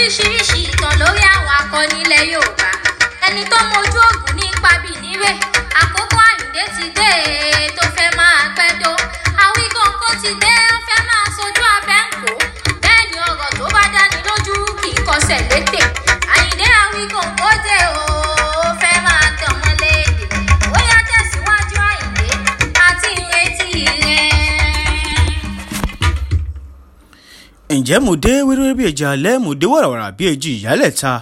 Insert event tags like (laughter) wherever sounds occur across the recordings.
oríṣiríṣi ìtàn lórí àwọn akọni ilẹ̀ Yorùbá ẹni tó mojú ògùn ní ipa bíi nírè àkókò Àyìndé ti dé tó fẹ́ máa pẹ́ tó Awíkọ́nkó ti dé ó fẹ́ máa sojú abẹ́ ń kó bẹ́ẹ̀ ni ọ̀rọ̀ tó bá dáni lójú kì í kọsẹ̀ létè Àyìndé Awíkọ́nkó dé o. ǹjẹ́ mo dé wéréwéré bí èjì alẹ́ mo dé wàràwàrà bí èjì ìyálẹ̀ta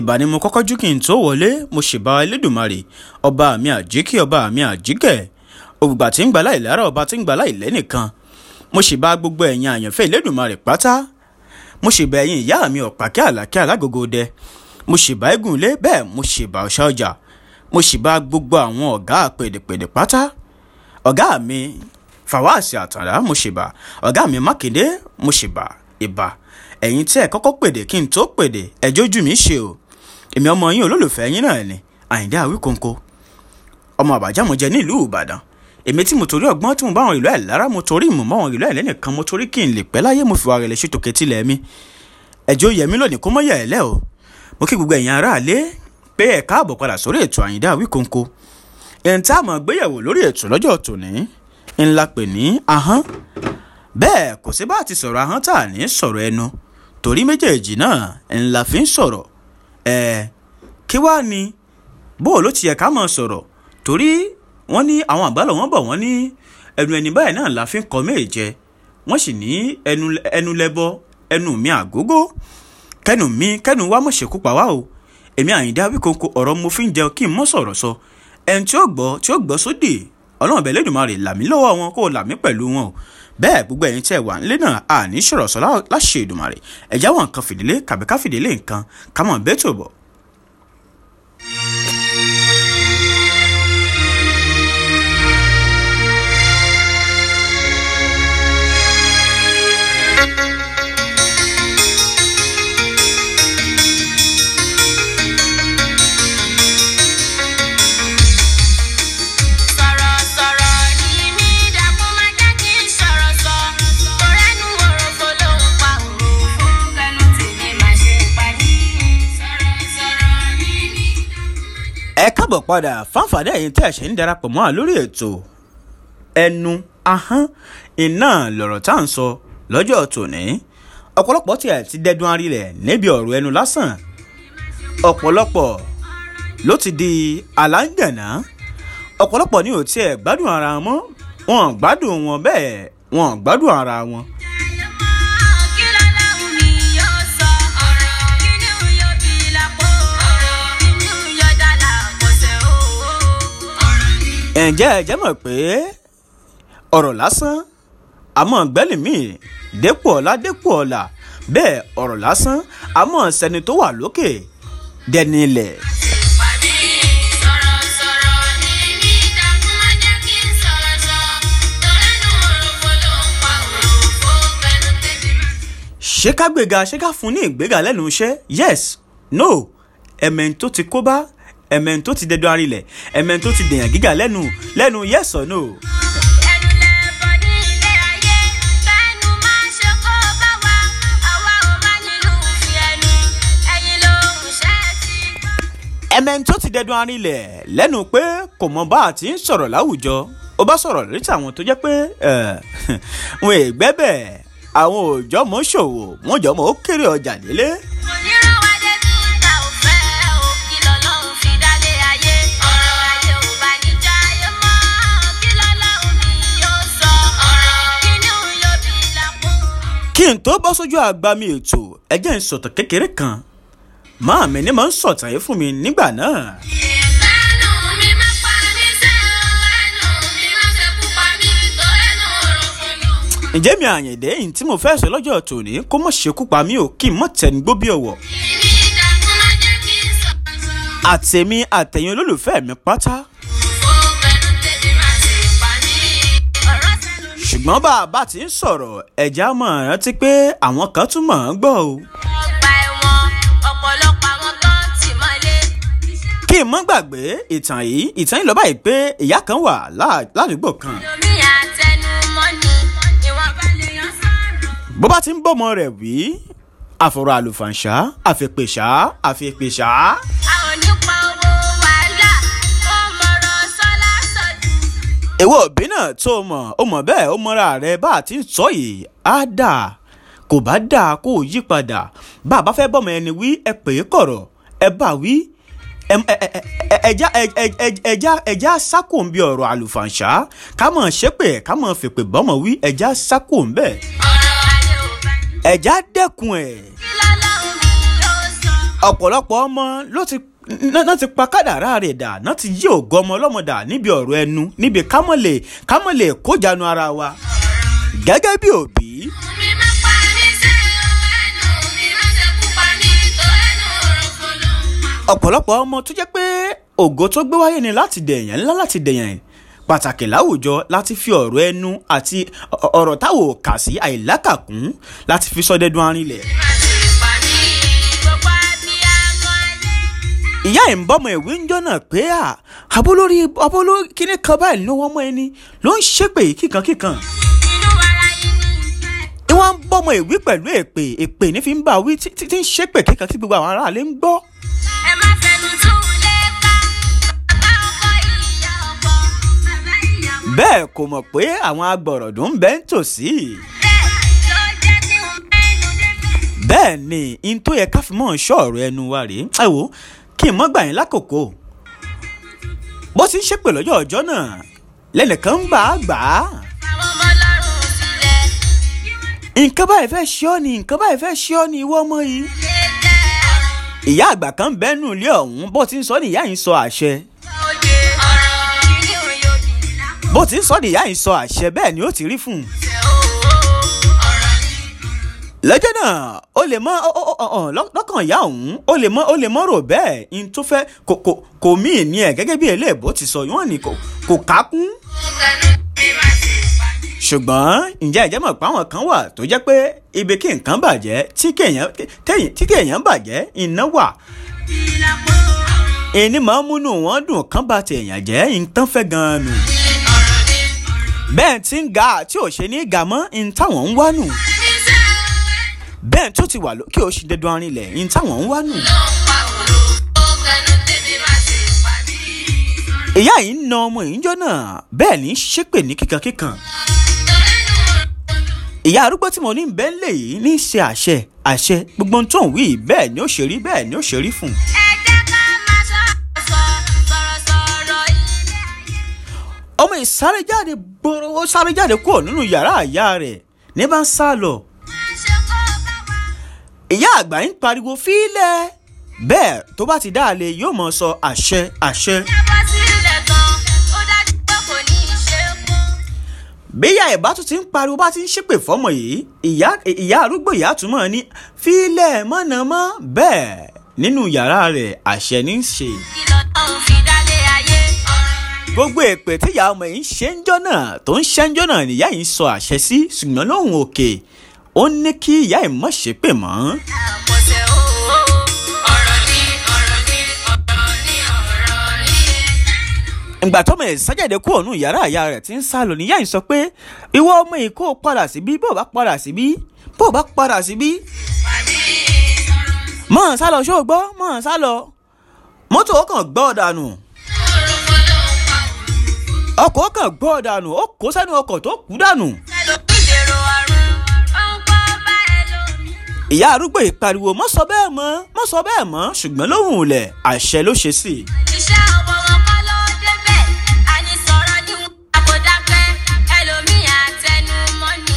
ìbà ni mo kọ́kọ́ jú kí n tó wọlé mo ṣèbà elédùnmarè ọba mi àjíkì ọba mi àjíkẹ̀ ògbà tí ń gbà láì lára ọba tí ń gbà láì lẹ́nìkan mo ṣèbà gbogbo ẹ̀yin àyànfẹ́ elédùnmarè pátá mo ṣèbà ẹ̀yin ìyá mi ọ̀pàkẹ́ àlàkẹ́ alágogo dẹ mo ṣèbà eégúnlé bẹ́ẹ̀ mo ṣèbà ọ̀ṣà ọjà mo ṣèbà gbogbo àwọn ọ̀gá pèdèpèdè pátá ọ̀gá mi fàwáàsì àtàrà mo ṣèbà ọ̀gá mi mákindé mo ṣèbà ìbà ẹ̀yin tí ẹ̀ kọ́kọ́ pèdè kí n tó pèdè ẹjọ́ ojú mi ṣe o èmi ọmọ yín olólùfẹ́ yín náà ni Àyìndé Àwíkọ́nkọ́ ọmọ àbájámọ̀jẹ nílùú Ìbàdàn èmi tí mo torí ọgbọ́n tí mo bá àwọn ìlú ẹ̀ lára mo torí ìmọ̀ mọ́ àwọn ìlú ẹ̀ lẹ́nìkan mo torí kí n lè pẹ́ láyé mo fi wàrẹ̀ lè ṣe tòkè tilẹ̀ mi ẹjọ́ yẹmi lónìí kó mọ́yà ẹ̀ lẹ́ o mo kí gbogbo ẹ̀yin aráalé pé ẹ̀ káàbọ̀ padà sórí ètò Àyìndé Àwíkọ́nkọ́ ẹ̀ǹtà àmọ́ gbéyẹ̀wò lórí ètò lọ́jọ́ tòní ńlá pè ní ahọ́n bẹ́ẹ̀ kò sí bá ti sọ̀rọ̀ ahọ́n tà ní sọ̀rọ̀ ẹnu torí méjèèjì náà ńlá fi ń sọ̀rọ̀ ẹ̀ kí wàá ni bó ló ti yẹ ká mọ̀ sọ̀rọ̀ torí wọ́n ní àwọn àgbàlọ̀ wọ́n bọ̀ wọ́n ní ẹnu ẹni báyìí náà la fi ń kọ́ méje wọ́n sì ní ẹnu lẹ́bọ ẹnu mi àgógó kẹnu mi kẹnu wa mọ̀ ṣekú pa wá o èmi Àyìndé Awíkonko ọ̀rọ̀ mo fi ń jẹ kí n mọ̀ sọ̀rọ̀ sọ ẹni tí ó gbọ́ tí ó gbọ́ sódì ọlọ́run bẹ̀lẹ́dùnmarè làmí lọ́wọ́ wọn kó làmí pẹ̀lú wọn o bẹ́ẹ̀ gbogbo ẹ̀yin tí ẹ wà nílé náà àní sọ̀rọ̀ sọ láṣẹ Èdùmàrè ẹ̀jáwọ̀ nǹkan fìdílé kàbíkáfìdílé nǹkan kàmọ́ bẹ́ẹ̀ tó bọ̀. káàbọ̀ padà fáfàdé ẹ̀yin tẹ́ ẹ̀ ń darapọ̀ mọ́ a lórí ètò ẹnu iná lọ̀rọ̀ tá à ń sọ lọ́jọ́ tòní ọ̀pọ̀lọpọ̀ tí ẹ̀ ti dẹ́dun arílẹ̀ níbi ọ̀rọ̀ ẹnu lásán ọ̀pọ̀lọpọ̀ ló ti di aláǹgànná ọ̀pọ̀lọpọ̀ ni ò tiẹ̀ gbádùn ara wọn wọn gbádùn wọn bẹ́ẹ̀ wọn gbádùn ara wọn ǹjẹ́ ẹ jẹ́ mọ̀ pé ọ̀rọ̀ lásán àmọ́ gbẹ́lìmíì dépò ọ̀la dépò ọ̀la bẹ́ẹ̀ ọ̀rọ̀ lásán àmọ́ sẹ́ni tó wà lókè dẹni ilẹ̀. ṣé ká gbéga ṣé ká fún ní ìgbéga lẹ́nu iṣẹ́ yes no ẹ̀mẹ̀ tó ti kó bá ẹ̀mẹ̀ tó ti dẹdun arinlẹ̀ ẹ̀mẹ̀ tó ti dẹ̀yàn gíga lẹ́nu lẹ́nu yes or no. ẹ̀mẹ̀ tó ti dẹdun arinlẹ̀ lẹ́nu pé kò mọ bá a ti ń sọ̀rọ̀ láwùjọ ó bá sọ̀rọ̀ lórí àwọn tó jẹ́ pé (laughs) wọn ò gbẹ́ bẹ́ẹ̀ àwọn òòjọ́ mọ́ ṣòwò wọn jọ mọ́ ó kéré ọjà nílé. kí n tó bọ́ sójú àgbàmì ètò ẹ jẹ́ n sọ̀tàn kékeré kan màámi ni mò ń sọ̀tàn yìí fún mi nígbà náà. ǹjẹ́ mi àyẹ̀dẹ́ yìí tí mo fẹ́ sọ lọ́jọ́ tòní kó mọ̀ ṣekú pa mí ò kí n mọ̀ tẹnugbó bí ọ̀wọ̀. àtẹ̀mí àtẹ̀yìn olólùfẹ́ mi pátá ṣùgbọ́n bá a bá ti ń sọ̀rọ̀ ẹ̀já mọ̀ rántí pé àwọn kan tún mọ̀ ń gbọ́ o. kí n mọ́ gbàgbé ìtàn yìí ìtàn yìí lọ báyìí pé ìyá kan wà ládùúgbò kan. bó bá ti ń bọ́mọ rẹ̀ wí àfọ̀rọ̀ àlùfànṣá àfipèṣá àfipèṣá. àwọn nípa owó. èwo òbí náà tó o mọ̀ o mọ̀ bẹ́ẹ̀ o mọ̀ra rẹ bá a ti ń sọ yìí á dà kò bá dà kó o yí padà bá a bá fẹ́ bọ́mọ ẹni wí ẹ pè é kọ̀rọ̀ ẹ bá wí ẹja sákòó bí ọ̀rọ̀ àlùfàǹṣá ká mọ̀ ṣépè ká mọ̀ fèpè bọ́mọ wí ẹja sákòó bẹ́ẹ̀ ẹja dẹ́kun ẹ̀ ọ̀pọ̀lọpọ̀ ọmọ ló ti náà ti pa kádàrá rẹ̀ dà náà ti yí ògo ọmọ ọlọ́mọ dà níbi ọ̀rọ̀ ẹnu níbi kámọ̀lẹ̀ kámọ̀lẹ̀ kójanu ara wa gẹ́gẹ́ bí òbí. ọ̀pọ̀lọpọ̀ ọmọ tó jẹ́ pé ògo tó gbé wáyé ni láti dẹ̀yàn ńlá láti dẹ̀yàn pàtàkì láwùjọ láti fi ọ̀rọ̀ ẹnu àti ọ̀rọ̀ táwọn ò kà sí àìlákàkún láti fi sọdẹ́dún arinlẹ̀. ìyá ẹ̀ ń bọ́mọ ìwé ń jọ́nà pé à abolórí abolórí kíní kan báyìí ló wọ́n mọ́ ẹni ló ń ṣépè kíkankíkan. ìwọ́n ń bọ́mọ ìwé pẹ̀lú èpè èpè ní fi ń bá wí tí ń ṣépè kíkan tí gbogbo àwọn aráàlú ń gbọ́. ẹ má fẹnu tó lé pa bàbá ọkọ ìyá ọkọ bàbá ìyàwó. bẹ́ẹ̀ kò mọ̀ pé àwọn agbọ̀rọ̀dún ń bẹ ń tòsí bẹ́ẹ̀ ni n tó yẹ ká fi mọ́ ọ̀ṣọ́ ọ̀rọ̀ ẹnu wa rèé ẹ wo kí n mọ́ gbà yín lákòókò bó ti ń ṣépè lọ́jọ́ ọjọ́ náà lẹ́nìkan ń gbà á gbà á. nǹkan báyìí fẹ́ ṣe ọ́ ni nǹkan báyìí fẹ́ ṣe ọ́ ni ìwọ ọmọ yìí. ìyá àgbà kan bẹ́nu ilé ọ̀hún bó ti ń sọ ni ìyá yìí sọ àṣẹ. bó ti ń sọ ni ìyá yìí sọ àṣẹ bẹ́ẹ̀ ni ó ti rí fún un lọ́jọ́ náà o lè mọ lọ́kàn ìyá òun o lè mọ o lè mọ rò bẹ́ẹ̀ n tó fẹ́ kò kò kò mí ìní ẹ̀ gẹ́gẹ́ bí eléèbó ti sọ yóò ní kò kò kákún. ṣùgbọ́n ǹjẹ́ ìjẹ́ mọ̀ pé àwọn kan wà tó jẹ́ pé ibi kí nǹkan bàjẹ́ tí kéèyàn bàjẹ́ iná wà ẹni máa ń múnú wọn dùn kán bá tèèyàn jẹ́ nǹkan fẹ́ gan-an nù bẹ́ẹ̀ tí ń ga tí ò ṣe mọ́ ń táwọn ń wá nù bẹ́ẹ̀ tó ti wà lókè ó ṣe dandan arinlẹ̀ yín táwọn ń wá nù. ìyá yìí ń na ọmọ ìyíjọ́ náà bẹ́ẹ̀ ní ṣépè ní kíkankíkan. ìyá arúgbó tí mo ní bẹ́ẹ̀ lè yìí ní ṣe àṣẹ àṣẹ gbogbo tó ń wí bẹ́ẹ̀ ni ó ṣe rí bẹ́ẹ̀ ni ó ṣe rí fún un. ọmọ ìsáré jáde gbòòrò ó sáré jáde kúrò nínú yàrá àyà rẹ̀ ní bá ń sá lọ ìyá àgbà ń pariwo fílẹ̀ bẹ́ẹ̀ tó bá ti dáàlè yóò mọ̀ sọ àṣẹ àṣẹ. bíyà ìbá tún ti ń pariwo bá ti ń ṣépè fọ́mọ yìí ìyá arúgbó ìyá túmọ̀ ní fílẹ̀ mọ̀nàmọ́ bẹ́ẹ̀ nínú yàrá rẹ̀ àṣẹ ní í ṣe. gbogbo èpè tíyà ọmọ yìí ń ṣe ń jọ́nà tó ń ṣe ń jọ́nà nìyá yìí ń sọ àṣẹ sí ṣùgbọ́n lóhùn òkè. Okay ó ní kí ìyá ẹ̀ mọ̀ ṣépè mọ́. ìgbà tọ́mọ ẹ̀ sájáde kú ọ̀nù yàrá àyà rẹ̀ ti ń sá lọ níyà ń sọ pé ìwọ ọmọ yìí kó o padà síbí bó o bá padà síbí bó o bá padà síbí. mọ̀ ń sá lọ ṣó o gbọ́ mọ̀ ń sá lọ mọ́tò ó kàn gbọ́ dànù ọkọ̀ ó kàn gbọ́ dànù ó kó sẹ́nu ọkọ̀ tó kú dànù. ìyá arúgbó ìpariwo mọ́ sọ bẹ́ẹ̀ mọ́ mọ́ sọ bẹ́ẹ̀ mọ́ ṣùgbọ́n lóhùn ulẹ̀ àṣẹ ló ṣe sí i. iṣẹ́ ọmọ wọn kọ́ ló débẹ̀ àní sọ̀rọ̀ ni wọn kò dápẹ́ ẹlòmíì àtẹnumọ́ ni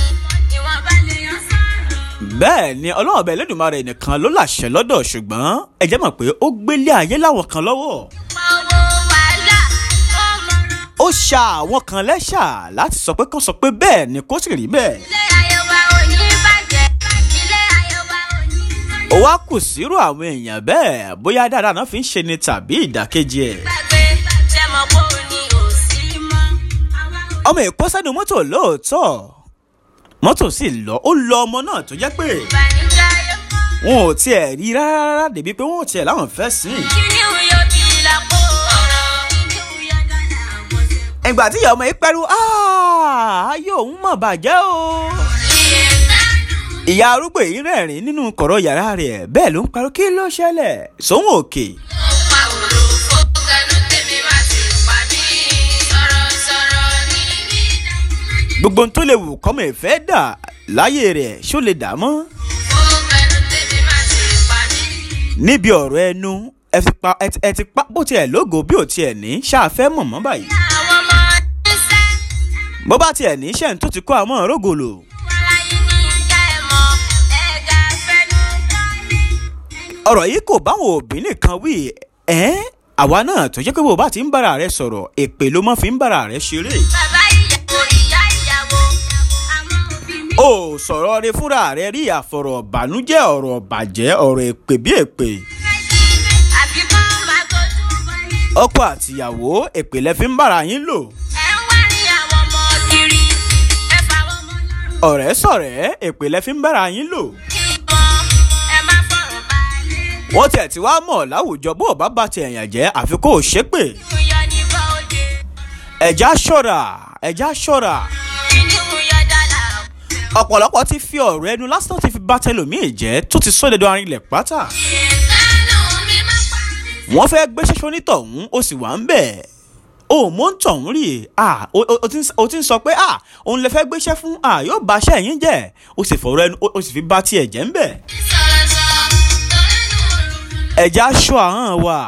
ìwọ̀nba lè yan sọ̀rọ̀. bẹ́ẹ̀ ni ọlọ́ọ̀bẹ lẹ́dùnmarè nìkan ló làṣẹ lọ́dọ̀ ṣùgbọ́n ẹ jẹ́ mọ̀ pé ó gbélé ayé láwọn kan lọ́wọ́ ó ṣa àwọn kan lẹ́ṣà láti sọ pé kán sọ pé bẹ́ẹ̀ ni kó sì rí bẹ́ẹ̀. wá kù sírò àwọn èèyàn bẹ́ẹ̀ bóyá dáadáa náà fi ń ṣe ni tàbí ìdàkejì ẹ̀. ọmọ èkó sẹ́nu mọ́tò lóòótọ́ mọ́tò sì lọ ó lọ ọmọ náà tó jẹ́ pé wọn ò tiẹ̀ rí rárá débi pé wọn ò tiẹ̀ láwọn fẹ́ sìn. ìgbà tí ìyá ọmọ yìí pẹ́rù ayé òun mọ̀ bàjẹ́ o ìyá arúgbó yìí rẹ̀rìn nínú kọ̀rọ̀ yàrá rẹ̀ bẹ́ẹ̀ ló ń parọ́ kí ló ṣẹlẹ̀ sóhun òkè. gbogbo tó lè wù kọ́mọ ìfẹ́ dà láyé rẹ̀ ṣó lè dà mọ́. níbi ọ̀rọ̀ ẹnu ẹ ti pa bó tiẹ̀ lógo bí ò tiẹ̀ ní ṣáfẹ́ mọ̀mọ́ báyìí. bó bá tiẹ̀ ní ṣẹ́ni ti kó àwọn ọ̀rọ̀ gòlò. ọ̀rọ̀ yìí kò báwọn òbí nìkan wí ẹ́ àwa náà tó jẹ́ pé bó bá ti ń bára rẹ sọ̀rọ̀ èpè ló mọ́ fi ń bára rẹ ṣeré. bàbá ìyàwó ìyá ìyàwó àwọn òbí mi. ó sọ̀rọ̀ rẹ fúnra rẹ rí àfọ̀rọ̀ bànújẹ́ ọ̀rọ̀ bàjẹ́ ọ̀rọ̀ èpè bí èpè. ọkọ àtìyàwó èpè lẹ fi ń bára yín lò. ọ̀rẹ́ sọ̀rẹ́ èpè lẹ fi ń bára yín lò wọ́n tiẹ̀ ti wá mọ̀ láwùjọ bó bá bá ti èèyàn jẹ́ àfikún òṣèpè. ẹ̀já ṣọ́ra ẹ̀já ṣọ́ra. ọ̀pọ̀lọpọ̀ ti fi ọ̀rọ̀ ẹnu lásán ti fi bá tẹlòmíì jẹ́ tó ti sọ dandan arinlẹ̀ pátá. wọ́n fẹ́ gbé ṣẹ́ṣọ́ onítọ̀hún ó sì wà ń bẹ̀ o mò ń tọ̀hún rí e o ti ń sọ pé òun lè fẹ́ gbéṣẹ́ fún yóò bá aṣẹ́ yín jẹ́ o sì fọ̀rọ̀ ẹnu o sì fi bá tiẹ̀ jẹ́ ń bẹ̀ ẹ̀já aṣọ àhán wà.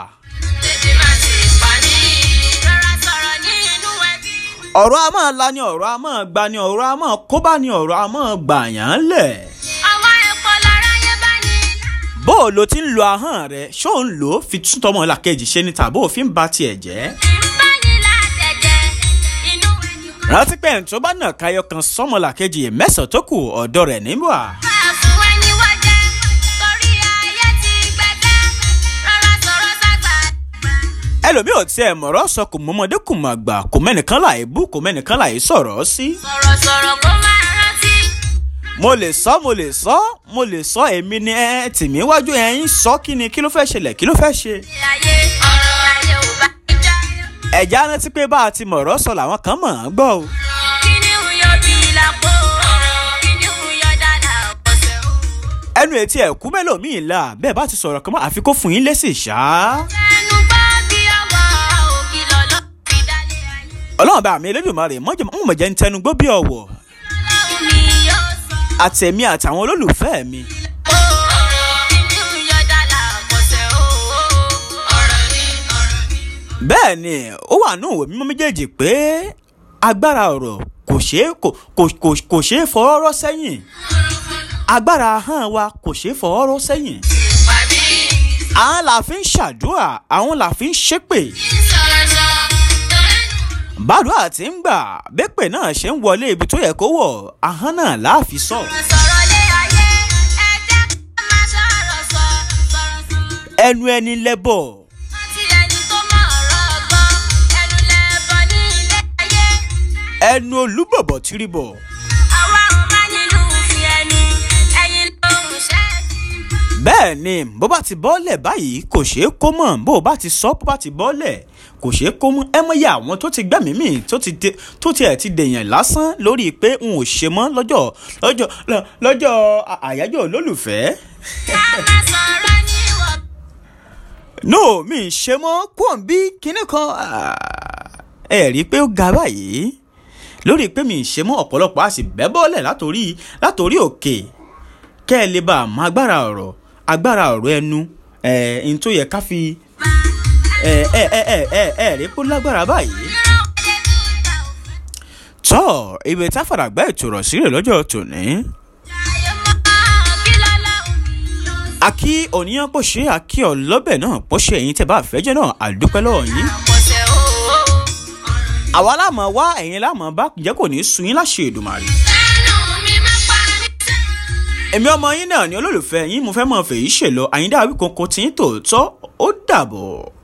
ọ̀rọ̀ a máa la ni ọ̀rọ̀ a máa gba ni ọ̀rọ̀ a máa kóbá ni ọ̀rọ̀ a máa gbàyàn lẹ̀. àwọn ẹ̀pọ̀ lára yẹn bá ní. bó lo ti ń lo ahọ́n rẹ ṣó ń lò ó fi tún tọmọ làkejì ṣe ni tàbó òfin ba tiẹ̀ jẹ́. ni. rántí pé ẹ̀ tó bá kan sọ́mọ làkejì mẹ́sàn-án tó kù ọ̀dọ̀ rẹ̀ níwà. ẹlòmíì ò tiẹ̀ mọ̀rọ̀ sọ kò mọ́mọdé mọ̀ àgbà kò mẹ́nìkan láì bú kò mẹ́nìkan láì sọ̀rọ̀ sí. sọ̀rọ̀sọ̀rọ̀ kó máa rántí. mo lè sọ mo lè sọ mo lè sọ èmi ni ẹ tìmí wájú ẹ ń sọ kí ni kí ló fẹ́ ṣẹlẹ̀ kí ló fẹ́ ṣe. ẹ̀já rántí pé bá a ti mọ̀rọ̀ sọ làwọn kan mọ̀ ọ́n gbọ́ o. ẹnu etí ẹ̀kú mẹ́lòmíì la bẹ́ẹ̀ bá ti sọ̀rọ̀ kan mọ́ àfikún fún yín lé ọlọ́run bá mi elédùnmarè mọ̀jẹ̀ ń tẹnugbó bí ọ̀wọ̀ àtẹ̀mí àtàwọn olólùfẹ́ mi. bẹ́ẹ̀ ni ó wà ní òwe mímọ́ méjèèjì pé agbára ọ̀rọ̀ kò ṣeé kò ṣeé fọwọ́rọ́ sẹ́yìn agbára ahọ́n wa kò ṣeé fọwọ́rọ́ sẹ́yìn àwọn la fi ń ṣàdúrà àwọn la fi ń ṣépè bàdúrà tí ń gbà bẹ́pẹ̀ náà ṣe ń wọlé ibi tó yẹ kó wọ̀ ahọ́n náà láàfin sọ. ẹnu ẹni lẹ́bọ̀. ẹnu olúbọ̀bọ̀ tìrìbọ̀. bẹ́ẹ̀ ni bó bá ti bọ́ọ̀lẹ̀ báyìí kò ṣeé kó mọ̀ bó bá ti sọ bó bá ti bọ́ọ̀lẹ̀ kò ṣeé kó mú ẹ mọyì àwọn tó ti gbẹ̀mí mì tó tiẹ̀ ti dèèyàn lásán lórí pé n ò ṣe mọ́ lọ́jọ́ lọ́jọ́ lọ́jọ́ àyájọ́ olólùfẹ́. no mi ń ṣe mọ́ pọ́ǹbí kinní kan ah, ẹ rí i pé ó ga báyìí lórí pé mi ń ṣe mọ́ ọ̀pọ̀lọpọ̀ a sì bẹ́ bọ́ọ̀lẹ̀ látòrí látòrí òkè kẹ́ ẹ lè bá a mọ agbára ọ̀rọ̀ agbára ọ̀rọ̀ ẹnu ẹ̀ ń tó yẹ ká fi ẹ ẹ ẹ ẹ ẹ rí kó lágbára báyìí. tọ́ ibi tá fàdàgbà ìtòrọ̀ sílẹ̀ lọ́jọ́ tòní. àkí òníyàn pòṣe àkí ọlọ́bẹ̀ náà pòṣe ẹ̀yìn tẹ̀ bá fẹ́jọ́ náà àdúpẹ́ lọ́wọ́ yín. àwa láàmú wá ẹ̀yìn láàmú bá jẹ́ kò ní sun yín láṣẹ Èdùmàrè. èmi ọmọ yín náà ni olólùfẹ́ yín mo fẹ́ mọ̀ fèyí ṣèlọ àyíndá wíkóńkó tí ń tòótọ́ ó dàbọ̀.